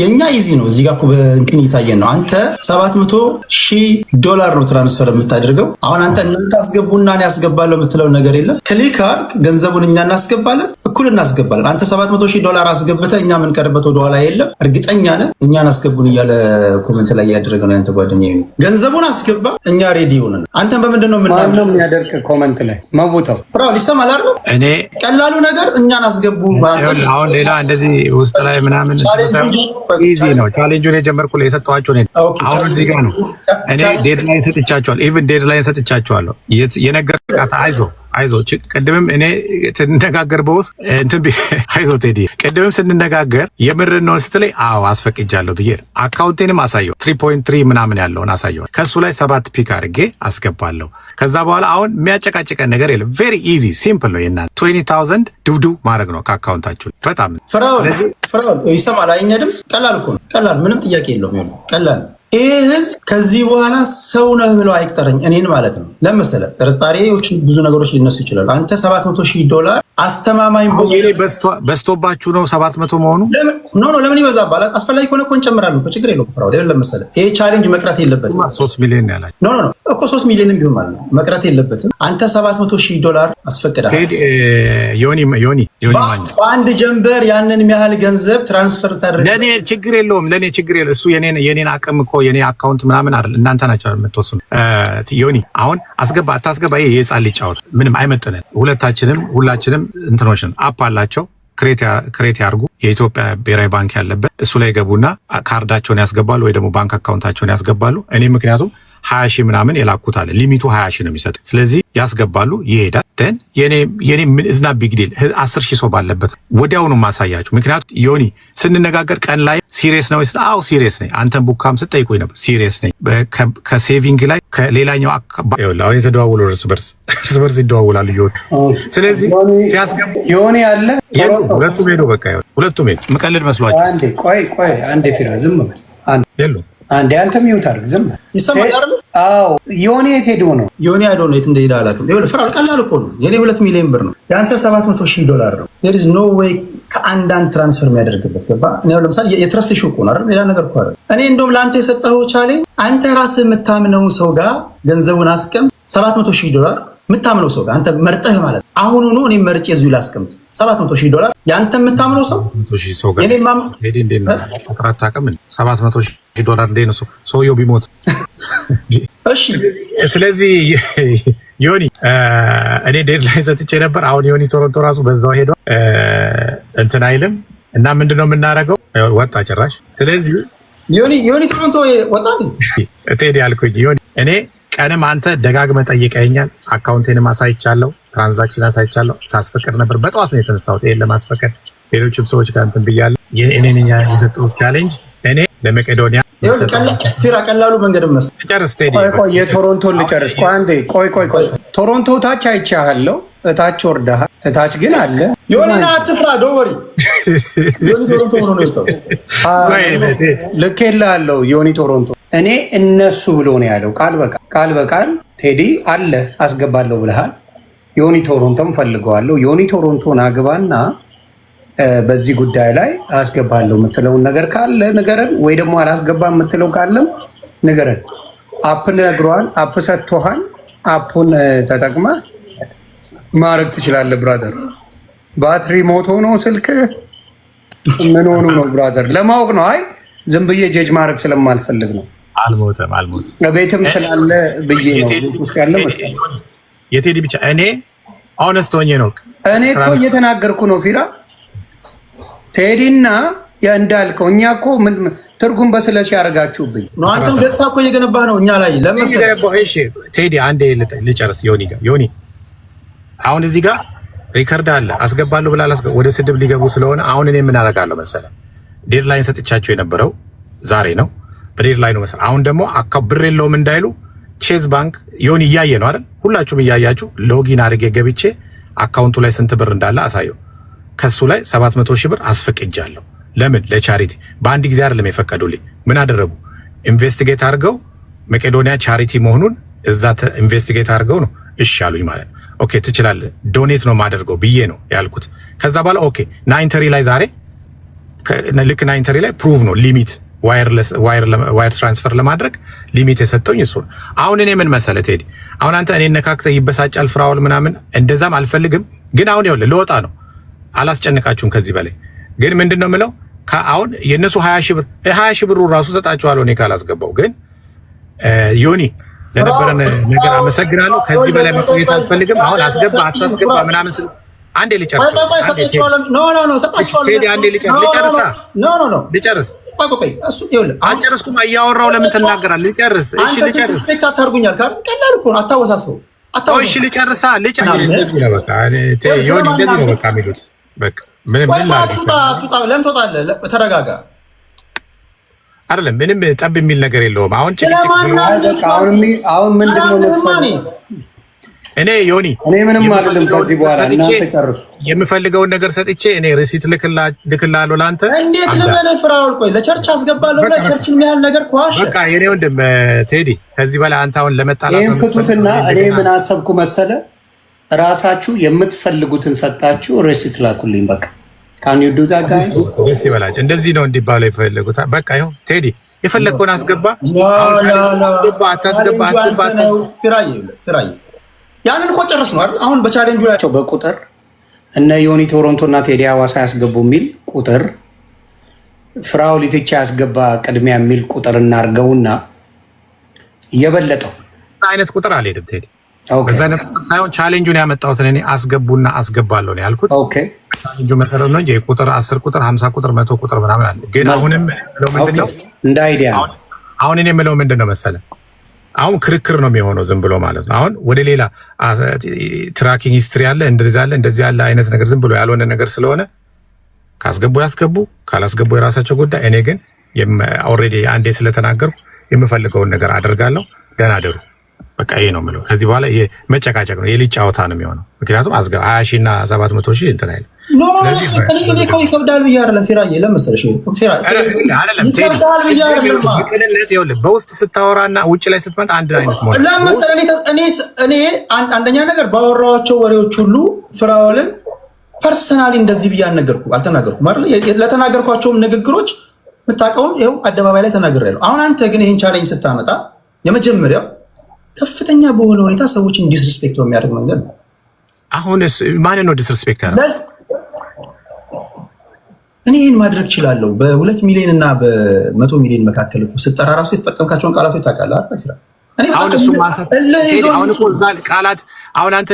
የእኛ ኢዚ ነው። እዚህ ጋር እንትን እየታየን ነው። አንተ ሰባት መቶ ሺህ ዶላር ነው ትራንስፈር የምታደርገው። አሁን አንተ እናንተ አስገቡና እኔ አስገባለሁ የምትለው ነገር የለም። ክሊክ አድርግ፣ ገንዘቡን እኛ እናስገባለን፣ እኩል እናስገባለን። አንተ ሰባት መቶ ሺህ ዶላር አስገብተህ እኛ የምንቀርበት ወደኋላ የለም። እርግጠኛ ነህ? እኛን አስገቡን እያለ ኮመንት ላይ እያደረገ ነው ያንተ ጓደኛ። ገንዘቡን አስገባ፣ እኛ ሬዲ ሆነን። አንተን በምንድን ነው የምናምነው? የሚያደርግ ኮመንት ላይ መቦታው ፍራው ሊሰማል አይደል? እኔ ቀላሉ ነገር እኛን አስገቡ። አሁን ሌላ እንደዚህ ውስጥ ላይ ምናምን ኢዚ ነው። ቻሌንጁን የጀመርኩ ላይ የሰጠኋቸው አሁን እዚህ ጋር ነው። እኔ ዴድላይን ሰጥቻቸዋል። ኢቭን ዴድላይን ሰጥቻቸዋለሁ የነገር ቃታ አይዞህ አይዞች ቅድምም እኔ ስንነጋገር በውስጥ እንትን አይዞ ቴዲ ቅድምም ስንነጋገር የምር ስትለይ አዎ አስፈቅጃለሁ ብዬ አካውንቴንም አሳየው ትሪ ፖይንት ትሪ ምናምን ያለውን አሳየዋል። ከእሱ ላይ ሰባት ፒክ አድርጌ አስገባለሁ። ከዛ በኋላ አሁን የሚያጨቃጭቀን ነገር የለም። ቬሪ ኢዚ ሲምፕል ነው። የእናንተ ትዌንቲ ታውዘንድ ድብዱ ማድረግ ነው ከአካውንታችሁ። በጣም ፍራውን ፍራውን ይሰማል። አይኛ ድምፅ ቀላል እኮ ነው። ቀላል ምንም ጥያቄ የለውም። ቀላል ይህ ህዝብ ከዚህ በኋላ ሰው ነህ ብለው አይቅጠረኝ፣ እኔን ማለት ነው። ለመሰለ ጥርጣሬዎች ብዙ ነገሮች ሊነሱ ይችላሉ። አንተ ሰባት መቶ ሺህ ዶላር አስተማማኝ ይሄ በስቶባችሁ ነው ሰባት መቶ መሆኑ ኖ ኖ ለምን ይበዛባል? አስፈላጊ ከሆነ እኮ እንጨምራለን እኮ ችግር የለውም። ፍራው ሌላ ለመሰለ ይሄ ቻሌንጅ መቅረት የለበትም። ሶስት ሚሊዮን ያላችሁ ኖ ኖ ኖ እኮ ሶስት ሚሊዮንም ቢሆን ማለት ነው መቅረት የለበትም። አንተ ሰባት መቶ ሺህ ዶላር አስፈቅዳል ዮኒ ዮኒ ዮኒ በአንድ ጀንበር ያንን ያህል ገንዘብ ትራንስፈር ታደርግ ለእኔ ችግር የለውም። ለእኔ ችግር የለ እሱ የኔን አቅም እኮ የኔ አካውንት ምናምን አይደል እናንተ ናቸው የምትወስኑ። ዮኒ አሁን አስገባ አታስገባ ይሄ የጻን ሊጫወት ምንም አይመጥነን። ሁለታችንም ሁላችንም እንትኖችን አፕ አላቸው ክሬት ያርጉ የኢትዮጵያ ብሔራዊ ባንክ ያለበት እሱ ላይ ገቡና ካርዳቸውን ያስገባሉ ወይ ደግሞ ባንክ አካውንታቸውን ያስገባሉ። እኔ ምክንያቱም ሀያ ሺህ ምናምን የላኩት አለ። ሊሚቱ ሀያ ሺህ ነው የሚሰጥ። ስለዚህ ያስገባሉ፣ ይሄዳል። ን የኔ ምን እዝና ቢግዲል አስር ሺህ ሰው ባለበት ወዲያውኑ ማሳያቸው። ምክንያቱም ዮኒ ስንነጋገር ቀን ላይ ሲሪየስ ነው ስ አዎ ሲሪየስ ነኝ። አንተን ቡካም ስጠይቆኝ ነበር ሲሪየስ ነኝ። ከሴቪንግ ላይ ከሌላኛው አሁን የተደዋወሉ እርስ በርስ እርስ በርስ ይደዋወላሉ። ስለዚህ ሲያስገባ ዮኒ አለ ሁለቱም ሄዱ። በቃ ሁለቱም ሄዱ። ምቀልድ መስሏቸው ቆይ ቆይ አንዴ ፊራ ዝም በል የሉም አንዴ አንተ ይሁት አድርግ ዝም ይሰማል አይደል? አዎ ዮኒ የት ሄዶ ነው? ዮኒ አይዶ ነው የት እንደሄደ አላውቅም። ይኸውልህ ፍራል ቀላል እኮ ነው። የኔ ሁለት ሚሊዮን ብር ነው የአንተ ሰባት መቶ ሺህ ዶላር ነው። ዜር ኢዝ ኖ ዌይ ከአንዳንድ ትራንስፈር የሚያደርግበት ገባ። እኔ ለምሳሌ የትረስት ሹ እኮ ነው ሌላ ነገር እኮ አይደል። እኔ እንደውም ለአንተ የሰጠኸው ቻሌ አንተ ራስህ የምታምነውን ሰው ጋር ገንዘቡን አስቀም ሰባት መቶ ሺህ ዶላር የምታምነው ሰው ጋር አንተ መርጠህ ማለት ነው። አሁን ሆኖ እኔ መርጬ እዚሁ ላስቀምጥ 700 ሺህ ዶላር የአንተ የምታምነው ሰው ዶላር እንዴ ነው ሰውየው ቢሞት። ስለዚህ ዮኒ እኔ ዴድላይን ሰጥቼ ነበር። አሁን ዮኒ ቶሮንቶ ራሱ በዛው ሄዷ እንትን አይልም እና ምንድን ነው የምናደርገው? ወጣ ጭራሽ። ስለዚህ ዮኒ ቶሮንቶ ወጣ ቴዲ አልኩኝ ዮኒ እኔ ቀንም አንተ ደጋግመ ጠይቀኛል። አካውንቴንም አሳይቻለሁ፣ ትራንዛክሽን አሳይቻለሁ። ሳስፈቅድ ነበር በጠዋት ነው የተነሳሁት። ይሄን ለማስፈቀድ ሌሎችም ሰዎች ጋር እንትን ብያለሁ። እኔን የሰጠሁት ቻሌንጅ እኔ ለመቄዶኒያ ፊራ ቀላሉ መንገድ የቶሮንቶ ልጨርስ። አንዴ ቆይ ቆይ ቆይ፣ ቶሮንቶ ታች አይቻለሁ፣ እታች ወርዳሃል፣ እታች ግን አለ የሆነና አትፍራ፣ ዶወሪ ልክ አለው ዮኒ ቶሮንቶ እኔ እነሱ ብሎ ነው ያለው። ቃል በቃል ቃል በቃል ቴዲ አለ አስገባለሁ ብለሃል። ዮኒ ቶሮንቶም ፈልገዋለሁ። ዮኒ ቶሮንቶን አግባና በዚህ ጉዳይ ላይ አስገባለሁ የምትለውን ነገር ካለ ንገረን፣ ወይ ደግሞ አላስገባ የምትለው ካለም ንገረን። አፕ ነግሯል፣ አፕ ሰጥቶሃል። አፑን ተጠቅመ ማድረግ ትችላለህ ብራዘር። ባትሪ ሞቶ ነው ስልክ ምን ሆኑ ነው ብራዘር? ለማወቅ ነው። አይ ዝም ብዬ ጀጅ ማድረግ ስለማልፈልግ ነው። አልሞተም አልሞተም። ቤትም ስላለ ብዬ ነው የቴዲ ብቻ። እኔ ኦነስት ሆኜ ነው እኔ እኮ እየተናገርኩ ነው። ፊራ ቴዲና እንዳልከው እኛ እኮ ትርጉም በስለሽ ያደርጋችሁብኝ። አንተም ገጽታ እኮ እየገነባ ነው እኛ ላይ ቴዲ፣ አንዴ ልጨርስ። ዮኒ ጋር ዮኒ፣ አሁን እዚህ ጋር ሪከርድ አለ አስገባለሁ ብላ ወደ ስድብ ሊገቡ ስለሆነ አሁን እኔ ምን አደርጋለሁ መሰለህ፣ ዴድላይን ሰጥቻቸው የነበረው ዛሬ ነው ብሬድ ላይ ነው መሰለህ። አሁን ደግሞ ብር የለውም እንዳይሉ ቼዝ ባንክ ይሁን እያየ ነው አይደል? ሁላችሁም እያያችሁ ሎጊን አድርጌ ገብቼ አካውንቱ ላይ ስንት ብር እንዳለ አሳየው። ከሱ ላይ 700 ሺህ ብር አስፈቅጃለሁ። ለምን? ለቻሪቲ በአንድ ጊዜ አይደለም የፈቀዱልኝ። ምን አደረጉ? ኢንቨስቲጌት አድርገው መቄዶኒያ ቻሪቲ መሆኑን እዛ ኢንቨስቲጌት አድርገው ነው እሺ አሉኝ ማለት ነው። ኦኬ ትችላለህ፣ ዶኔት ነው ማደርገው ብዬ ነው ያልኩት። ከዛ በኋላ ኦኬ ናይንተሪ ላይ ዛሬ ልክ ናይንተሪ ላይ ፕሩቭ ነው ሊሚት ዋይር ትራንስፈር ለማድረግ ሊሚት የሰጠውኝ እሱ ነው። አሁን እኔ ምን መሰለህ ቴዲ፣ አሁን አንተ እኔ ነካክተህ ይበሳጫል ፍራውል ምናምን እንደዛም አልፈልግም። ግን አሁን ይኸውልህ ልወጣ ነው፣ አላስጨንቃችሁም ከዚህ በላይ ግን ምንድን ነው የምለው አሁን የእነሱ ሀያ ሺህ ብር ሀያ ሺህ ብሩ ራሱ ሰጣችኋለሁ እኔ ካላስገባው። ግን ዮኒ ለነበረን ነገር አመሰግናለሁ። ከዚህ በላይ መቆየት አልፈልግም። አሁን አስገባ አታስገባ ምናምን ስል አንዴ ልጨርስ፣ አንዴ ልጨርስ፣ ልጨርስ ቆይ ቆይ፣ እሱ እያወራሁ ለምን ትናገራለህ? ልጨርስ። እሺ ልጨርስ። ስፔክት አታርጉኛል ካል ቀላል እኮ ነው። አታወሳስበው። አታወሽ። እሺ ልጨርሳ፣ ልጨርስ። በቃ እንደዚህ ነው በቃ የሚሉት። በቃ ለምን ትወጣለህ? ተረጋጋ። አይደለም ምንም ጠብ የሚል ነገር የለውም። አሁን ጭቅጭቅ አሁን ምንድን ነው እኔ ዮኒ እኔ ምንም አይደለም። ከዚህ በኋላ እናንተ ጨርሱ። የምፈልገውን ነገር ሰጥቼ እኔ ሪሲት ልክላለሁ ለአንተ። እንዴት ልበልህ ፍራውል? ቆይ ለቸርች አስገባለሁ ብለህ ቸርችን የሚያህል ነገር ከዋሸ በቃ የኔ ወንድም ቴዲ፣ ከዚህ በላይ አንተ አሁን ለመጣላት ይህን ፍቱትና፣ እኔ ምን አሰብኩ መሰለ፣ ራሳችሁ የምትፈልጉትን ሰጣችሁ ሪሲት ላኩልኝ። በቃ ካንዩዱዳ ጋር ደስ ይበላችሁ። እንደዚህ ነው እንዲባለው የፈለጉት። በቃ ይኸው ቴዲ የፈለግከውን አስገባ አስገባ አታስገባ አስገባ ያንን እኮ ጨርስ ነው አይደል? አሁን በቻሌንጁ ላቸው በቁጥር እነ ዮኒ ቶሮንቶ እና ቴዲ ሐዋሳ ያስገቡ የሚል ቁጥር ፍራው ሊትቻ ያስገባ ቅድሚያ የሚል ቁጥር እናርገውና የበለጠው አይነት ቁጥር አልሄድም ቴዲ እዛ አይነት ቁጥር ሳይሆን ቻሌንጁን ያመጣሁትን እኔ አስገቡና አስገባለሁ ነው ያልኩት። ቻሌንጁ መሰረት ነው እንጂ የቁጥር አስር ቁጥር ሀምሳ ቁጥር መቶ ቁጥር ምናምን አለ። ግን አሁንም ምንድነው እንደ አይዲያ አሁን እኔ የምለው ምንድን ነው መሰለህ አሁን ክርክር ነው የሚሆነው ዝም ብሎ ማለት ነው። አሁን ወደ ሌላ ትራኪንግ ሂስትሪ አለ እንደዚህ አለ እንደዚህ ያለ አይነት ነገር ዝም ብሎ ያልሆነ ነገር ስለሆነ ካስገቡ ያስገቡ፣ ካላስገቡ የራሳቸው ጉዳይ። እኔ ግን ኦልሬዲ አንዴ ስለተናገርኩ የምፈልገውን ነገር አደርጋለሁ። ደህና አደሩ። በቃ ይሄ ነው የምለው። ከዚህ በኋላ መጨቃጨቅ ነው፣ የልጅ ጨዋታ ነው የሚሆነው። ምክንያቱም አስገ ሀያ ሺህ እና ሰባት መቶ ሺህ እንትን አይልም። ይከብዳል ብዬ አይደለም ፊራዬ፣ ለምሳሌ ይኸውልህ፣ በውስጥ ስታወራና ውጭ ላይ ስትመጣ አንድ አይነት እኔ አንደኛ ነገር ባወራኋቸው ወሬዎች ሁሉ ፍራውልን ፐርሰናሊ እንደዚህ ብዬ አልነገርኩም አልተናገርኩም አይደለ? ለተናገርኳቸውም ንግግሮች የምታውቀውን ይኸው አደባባይ ላይ ተናግሬያለሁ። አሁን አንተ ግን ይህን ቻለኝ ስታመጣ የመጀመሪያው ከፍተኛ በሆነ ሁኔታ ሰዎችን ዲስሪስፔክት በሚያደርግ መንገድ ነው። አሁን ማንን ነው ዲስሪስፔክት ያለ? እኔ ይህን ማድረግ እችላለሁ። በሁለት ሚሊዮን እና በመቶ ሚሊዮን መካከል ስጠራ ራሱ የተጠቀምካቸውን ቃላቶች ታውቃለህ። አሁን ቃላት አሁን አንተ